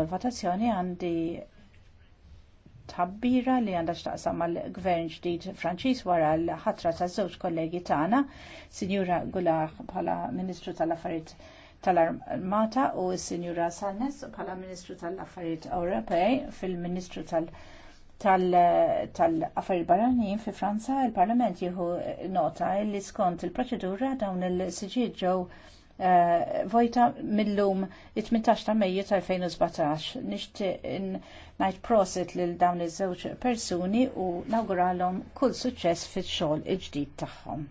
l-votazzjoni għandi tabbira li għandha xtaqsam mal gvern ġdid Franċiż wara l-ħatra ta' żewġ kollegi tagħna, Sinjura Gulah bħala Ministru tal-Affarijiet tal-Armata u Sinjura Sanes bħala Ministru tal-Affarijiet Ewropej fil-Ministru tal- tal-affarijiet barranin fi Franza, il-Parlament jieħu nota li skont il-proċedura dawn il-siġiet ġew Eh, vojta mill-lum 18 ta' Mejju ta' 2017 nixtieq ngħid prosit lil dawn iż-żewġ persuni u nawguralhom kull suċċess fix-xogħol il-ġdid tagħhom.